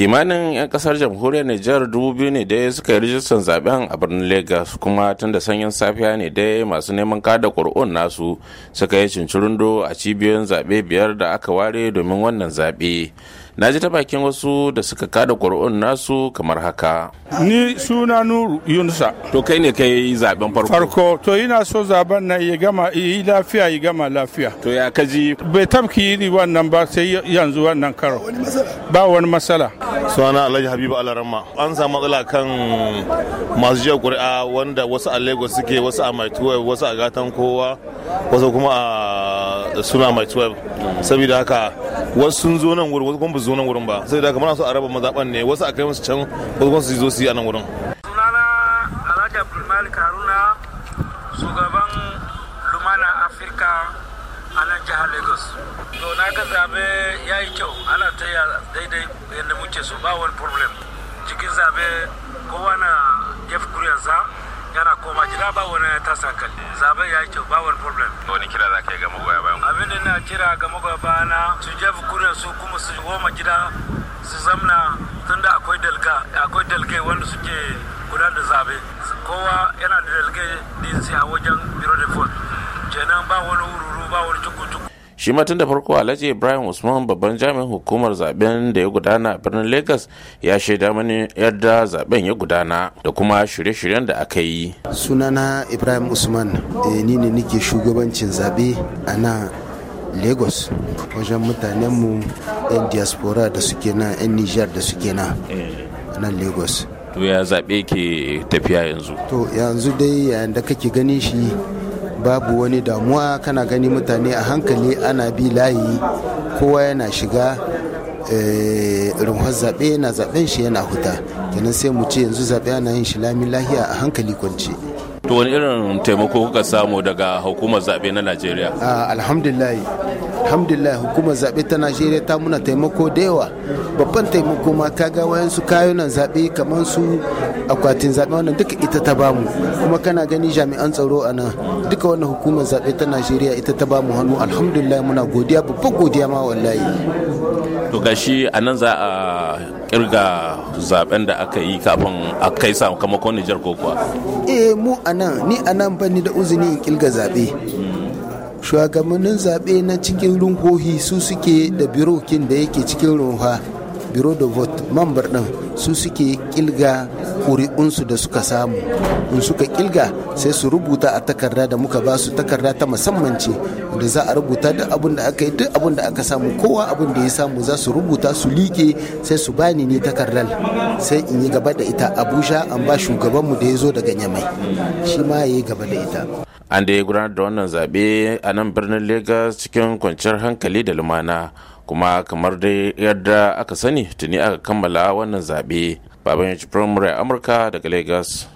kimanin 'yan kasar jamhuriyar nijar dubu biyu ne dai suka yi rijistar zaben a birnin lagos kuma tun da sanyin safiya ne dai masu neman kada ƙuri'un nasu suka yi cincirindo a cibiyoyin zaɓe biyar da aka ware domin wannan zaɓe na ji ta bakin wasu da suka kada ƙuri'un nasu kamar haka ni suna nuru yunusa to kai ne kai zaben farko farko to ina so zaben na ya gama yi lafiya ya gama lafiya to ya kaji bai tamki yi wannan ba sai yanzu wannan karo ba wani matsala suna alhaji habibu Alarama. an samu matsala kan masu jiya ƙuri'a wanda wasu a lagos suke wasu a maituwa wasu a gatan kowa wasu kuma a suna maituwa saboda haka wasu sun zo nan wurin wasu kuma ba zo nan wurin ba sai da muna so a raba mazaɓan ne wasu a kai musu can wasu kuma su zo su yi a nan wurin. sunana alhaji abdulmalik haruna shugaban lumana afirka a nan jihar lagos to na ga zabe ya yi kyau ana ta daidai yadda muke so ba wani problem cikin zabe kowa na jeff kuriyarsa yana koma gida ba wani tasakal zabe ya yi kyau ba wani problem kira ga magabana su je bukunan su kuma su goma gida su zamna tun da akwai dalga akwai dalga wanda suke guda da zabe kowa yana da din a wajen biro da fort kenan ba wani wururu ba wani cuku shi ma da farko alhaji ibrahim usman babban jami'in hukumar zaben da ya gudana a birnin lagos ya shaida mani yadda zaben ya gudana da kuma shirye-shiryen da aka yi sunana ibrahim usman eh, ni ne nike shugabancin zabe a nan lagos wajen mutanenmu 'yan diaspora da suke nan 'yan niger da suke na eh. nan lagos to ya zaɓe ke tafiya yanzu to yanzu dai yayin da kake ganin shi babu wani damuwa kana gani mutane a hankali ana bi layi kowa yana shiga eh, rumhar zaɓe yana zaɓen shi yana huta kenan sai mu ce yanzu zaɓe ana yin shi lami lahiya a hankali kwance to wani irin taimako kuka samu daga hukumar zaɓe na najeriya ah, alhamdulillah alhamdulillah hukumar zaɓe ta najeriya ta muna taimako da yawa babban taimako ma kaga wayansu kayunan zaɓe kamar su akwatin zaɓe wannan duka ita ta bamu kuma kana gani jami'an tsaro a nan duka wannan hukumar zaɓe ta najeriya ita ta bamu hannu alhamdulillah muna godiya babban godiya ma wallahi to gashi a nan za a kirga zaben da aka yi kafin a kai sakamakon nijar ko kuwa eh mu a nan ni a nan ban ni da uzini in kirga zaɓe shugabannin zaɓe na cikin runhohi su suke da birokin da yake cikin runha biro da vote mambar ɗin su suke kilga kuri'unsu da suka samu in suka kilga sai su rubuta a takarda da muka ba su takarda ta musamman ce da za a rubuta duk abin da aka yi duk abin da aka samu kowa abin da ya samu za su rubuta su liƙe sai su bani ni takardar sai in yi gaba da ita abuja an ba shugabanmu da ya zo daga nyamai shi ma ya yi gaba da ita an da ya gudanar da wannan zaɓe a nan birnin lagos cikin kwanciyar hankali da lumana kuma kamar dai yadda aka sani tuni aka kammala wannan zaɓe baban ya ci firamare amurka daga lagos